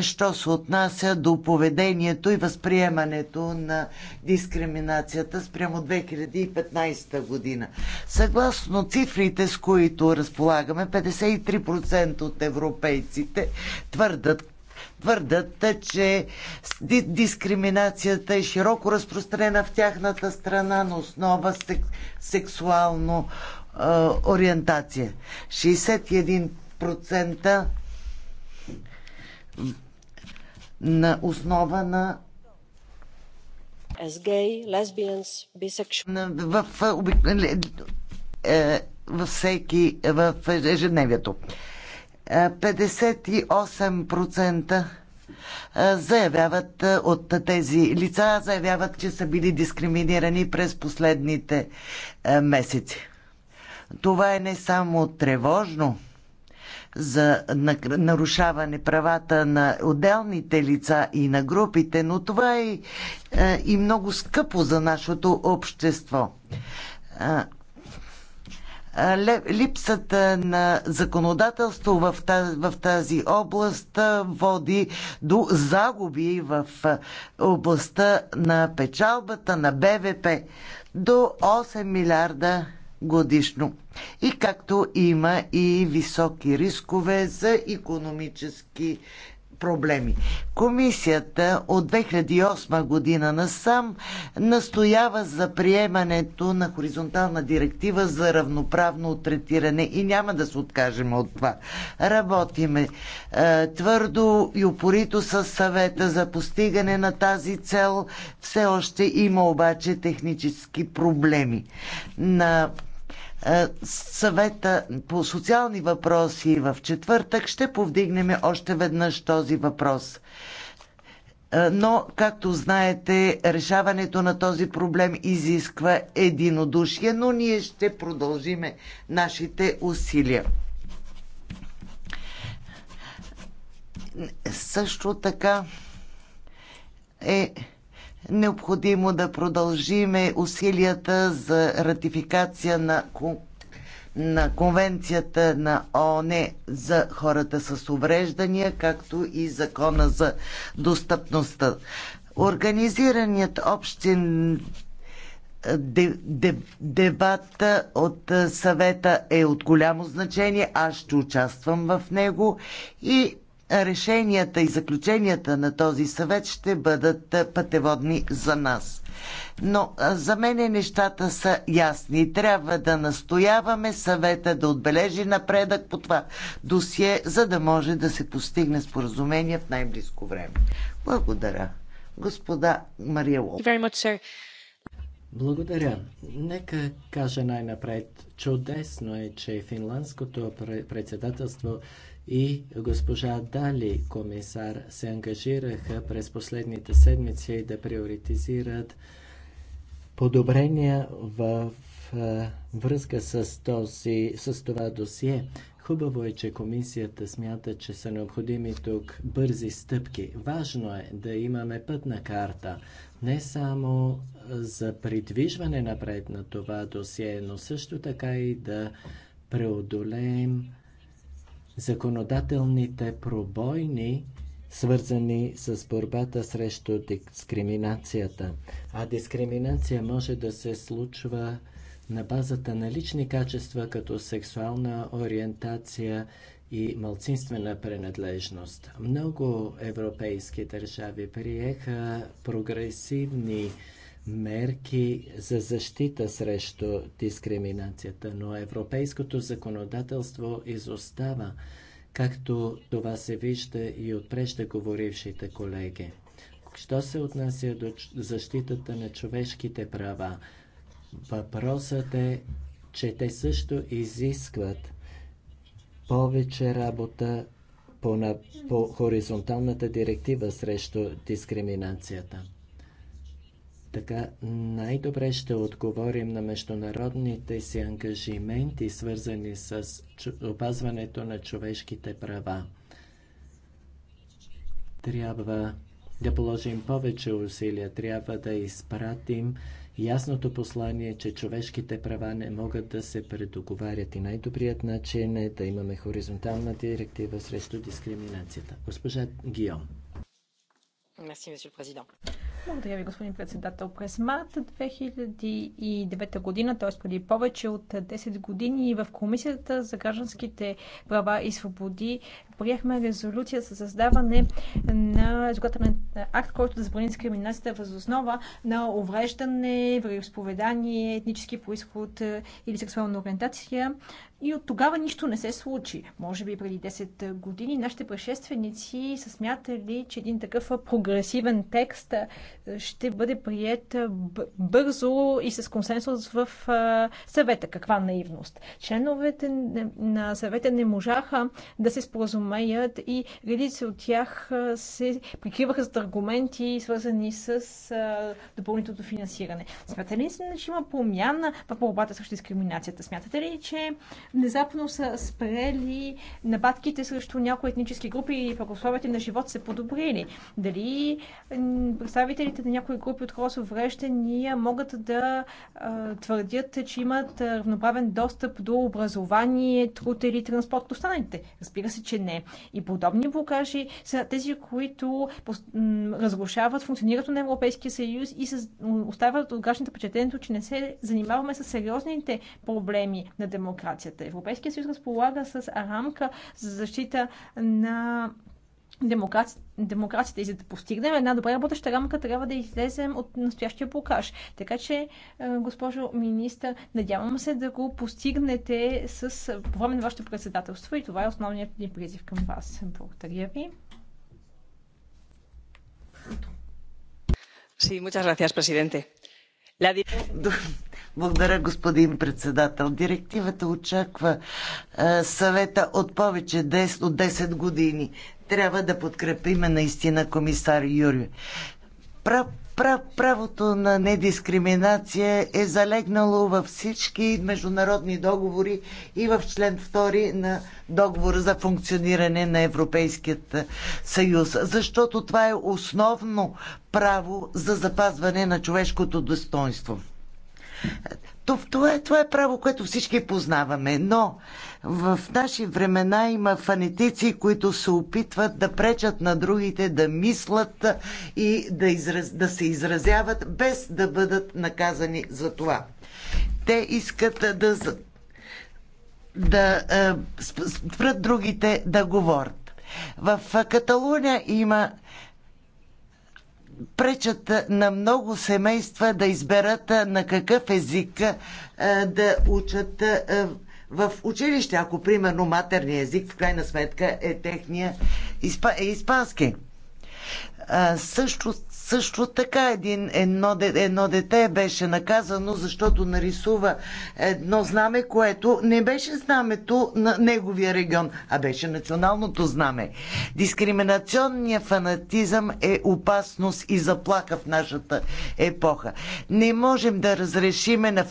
що се отнася до поведението и възприемането на дискриминацията спрямо 2015 година. Съгласно цифрите, с които разполагаме, 53% от европейците твърдат, твърдат, че дискриминацията е широко разпространена в тяхната страна на основа сексуално е, ориентация. 61% на основа на as gay, lesbians, bisexual. В, е, в, всеки, в ежедневието. 58% заявяват от тези лица, заявяват, че са били дискриминирани през последните месеци. Това е не само тревожно за нарушаване правата на отделните лица и на групите, но това е и много скъпо за нашето общество липсата на законодателство в тази, област води до загуби в областта на печалбата на БВП до 8 милиарда годишно. И както има и високи рискове за економически проблеми. Комисията от 2008 година насам настоява за приемането на хоризонтална директива за равноправно третиране и няма да се откажем от това. Работиме е, твърдо и упорито с съвета за постигане на тази цел. Все още има обаче технически проблеми. На е, съвета по социални въпроси в четвъртък ще повдигнем още веднъж този въпрос. Е, но, както знаете, решаването на този проблем изисква единодушие, но ние ще продължиме нашите усилия. Също така е необходимо да продължиме усилията за ратификация на, на Конвенцията на ООН за хората с увреждания, както и Закона за достъпността. Организираният общин е, дебат от съвета е от голямо значение. Аз ще участвам в него и решенията и заключенията на този съвет ще бъдат пътеводни за нас. Но за мен нещата са ясни. Трябва да настояваме съвета да отбележи напредък по това досие, за да може да се постигне споразумение в най-близко време. Благодаря. Господа Мария Лов. Благодаря. Нека кажа най-напред. Чудесно е, че финландското председателство и госпожа Дали, комисар, се ангажираха през последните седмици да приоритизират подобрения в е, връзка с, този, с това досие. Хубаво е, че комисията смята, че са необходими тук бързи стъпки. Важно е да имаме пътна карта, не само е, за придвижване напред на това досие, но също така и да преодолеем законодателните пробойни, свързани с борбата срещу дискриминацията. А дискриминация може да се случва на базата на лични качества, като сексуална ориентация и малцинствена принадлежност. Много европейски държави приеха прогресивни мерки за защита срещу дискриминацията, но европейското законодателство изостава, както това се вижда и от преждеговорившите колеги. Що се отнася до защитата на човешките права? Въпросът е, че те също изискват повече работа по, на, по хоризонталната директива срещу дискриминацията. Така най-добре ще отговорим на международните си ангажименти, свързани с опазването на човешките права. Трябва да положим повече усилия, трябва да изпратим ясното послание, че човешките права не могат да се предоговарят и най-добрият начин е да имаме хоризонтална директива срещу дискриминацията. Госпожа Гион. Merci, благодаря ви, господин председател. През март 2009 година, т.е. преди повече от 10 години, в Комисията за гражданските права и свободи приехме резолюция за създаване на законодателен акт, който да забрани дискриминацията въз основа на увреждане, вероисповедание, етнически происход или сексуална ориентация и от тогава нищо не се случи. Може би преди 10 години нашите предшественици са смятали, че един такъв прогресивен текст ще бъде прият бързо и с консенсус в съвета. Каква наивност! Членовете на съвета не можаха да се споразумеят и редица от тях се прикриваха с аргументи, свързани с допълнителното финансиране. Смятате ли, че има промяна в борбата срещу дискриминацията? Смятате ли, че внезапно са спрели нападките срещу някои етнически групи и пък на живот се подобрили. Дали представителите на някои групи от хора с увреждания могат да а, твърдят, че имат равноправен достъп до образование, труд или транспорт останалите? Разбира се, че не. И подобни блокажи са тези, които разрушават функционирането на Европейския съюз и оставят от гражданите впечатлението, че не се занимаваме с сериозните проблеми на демокрацията. Европейския съюз разполага с рамка за защита на демокрацията, демокрацията и за да постигнем една добре работеща рамка, трябва да излезем от настоящия блокаж. Така че, е, госпожо министър, надявам се да го постигнете с по време на вашето председателство и това е основният ни призив към вас. Благодаря ви. Sí, muchas gracias, presidente. La... Благодаря, господин председател. Директивата очаква е, съвета от повече 10, от 10 години. Трябва да подкрепиме наистина комисар Юрий. Прав, прав, правото на недискриминация е залегнало във всички международни договори и в член 2 на договора за функциониране на Европейският съюз, защото това е основно право за запазване на човешкото достоинство. Това е, това е право, което всички познаваме, но в наши времена има фанетици, които се опитват да пречат на другите да мислят и да, израз, да се изразяват без да бъдат наказани за това. Те искат да, да е, спрат другите да говорят. В Каталуния има пречат на много семейства да изберат на какъв език да учат в училище, ако примерно матерният език в крайна сметка е техния е испански. Също, също така един, едно, едно дете беше наказано, защото нарисува едно знаме, което не беше знамето на неговия регион, а беше националното знаме. Дискриминационният фанатизъм е опасност и заплаха в нашата епоха. Не можем да разрешиме на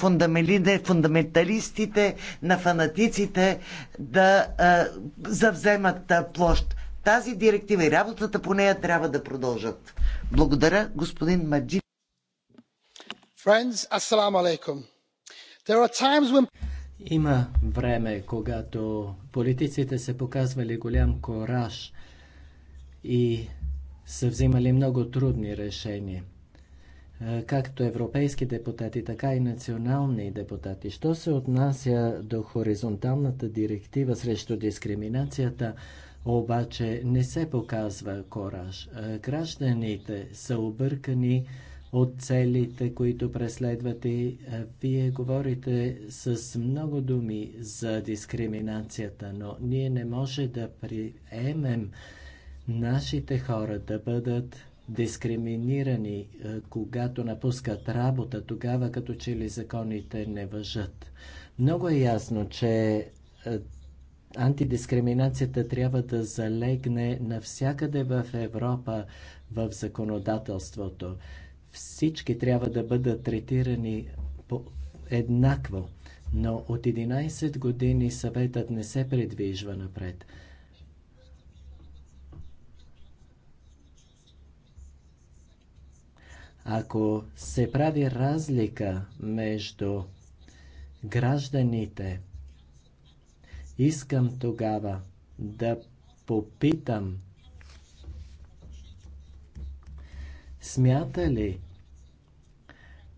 фундаменталистите, на фанатиците да а, завземат площ. Тази директива и работата по нея трябва да продължат. Благодаря, господин Маджи. Friends, assalamu alaikum. There are times when... Има време, когато политиците са показвали голям кораж и са взимали много трудни решения. Както европейски депутати, така и национални депутати. Що се отнася до хоризонталната директива срещу дискриминацията, обаче не се показва кораж. Е, гражданите са объркани от целите, които преследвате. Е, вие говорите с много думи за дискриминацията, но ние не може да приемем нашите хора да бъдат дискриминирани, е, когато напускат работа, тогава като че ли законите не въжат. Много е ясно, че антидискриминацията трябва да залегне навсякъде в Европа в законодателството. Всички трябва да бъдат третирани по еднакво, но от 11 години съветът не се предвижва напред. Ако се прави разлика между гражданите, Искам тогава да попитам, смята ли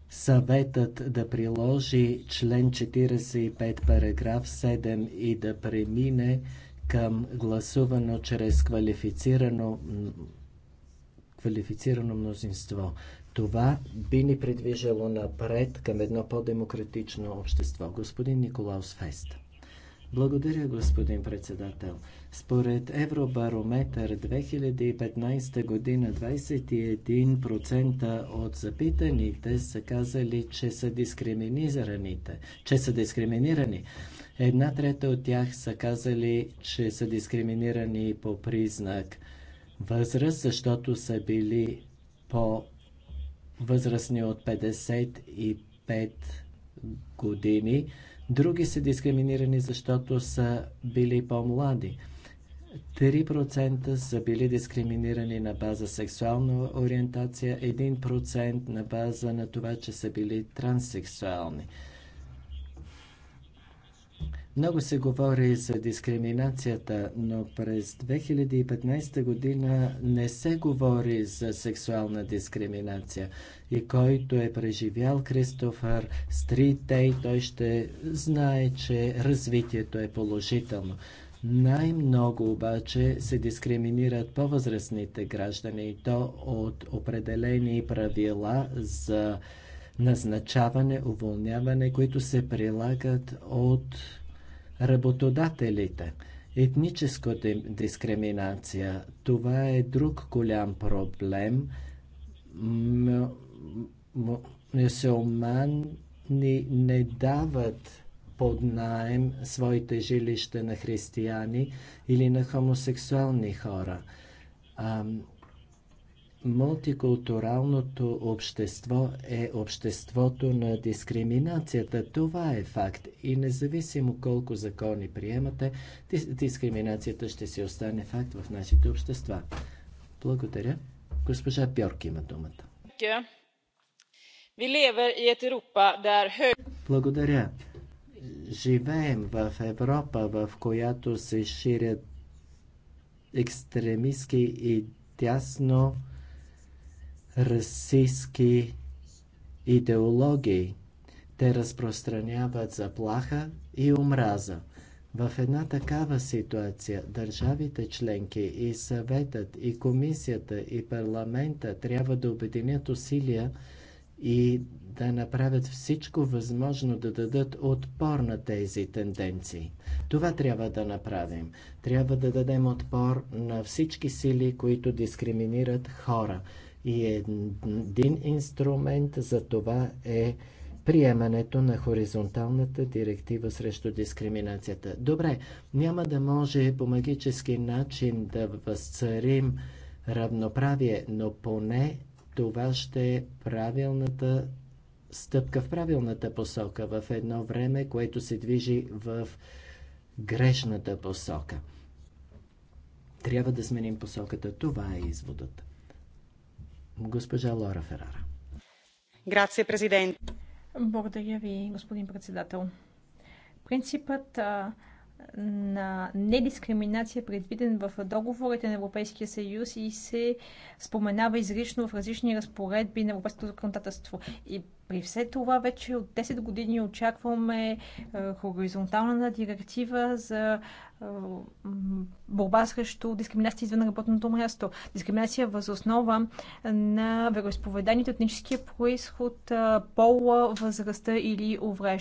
съветът да приложи член 45 параграф 7 и да премине към гласувано чрез квалифицирано, квалифицирано мнозинство. Това би ни придвижало напред към едно по-демократично общество. Господин Николаус Фест. Благодаря, господин председател. Според Евробарометър 2015 година 21% от запитаните са казали, че са дискриминираните, че са дискриминирани. Една трета от тях са казали, че са дискриминирани по признак възраст, защото са били по-възрастни от 55 години. Други са дискриминирани, защото са били по-млади. 3% са били дискриминирани на база сексуална ориентация, 1% на база на това, че са били транссексуални. Много се говори за дискриминацията, но през 2015 година не се говори за сексуална дискриминация. И който е преживял Кристофър Стритей, той ще знае, че развитието е положително. Най-много обаче се дискриминират по-възрастните граждани и то от определени правила за назначаване, уволняване, които се прилагат от работодателите. Етническа дискриминация. Това е друг голям проблем. Мюсюлмани не дават под найем своите жилища на християни или на хомосексуални хора. Мултикултуралното общество е обществото на дискриминацията. Това е факт. И независимо колко закони приемате, дискриминацията ще си остане факт в нашите общества. Благодаря. Госпожа Пьорк има думата. Благодаря. Живеем в Европа, в която се ширят екстремистски и тясно расистски идеологии. Те разпространяват заплаха и омраза. В една такава ситуация държавите членки и съветът, и комисията, и парламента трябва да обединят усилия и да направят всичко възможно да дадат отпор на тези тенденции. Това трябва да направим. Трябва да дадем отпор на всички сили, които дискриминират хора и един инструмент за това е приемането на хоризонталната директива срещу дискриминацията. Добре, няма да може по магически начин да възцарим равноправие, но поне това ще е правилната стъпка в правилната посока в едно време, което се движи в грешната посока. Трябва да сменим посоката. Това е изводът. Госпожа Лора Ферара. Грация, президент. Благодаря ви, господин председател. Принципът а, на недискриминация, предвиден в договорите на Европейския съюз и се споменава изрично в различни разпоредби на европейското законодателство. И при все това вече от 10 години очакваме хоризонтална директива за борба срещу дискриминация извън работното място, дискриминация въз основа на вероисповеданието, етническия происход, пола, възрастта или увреждането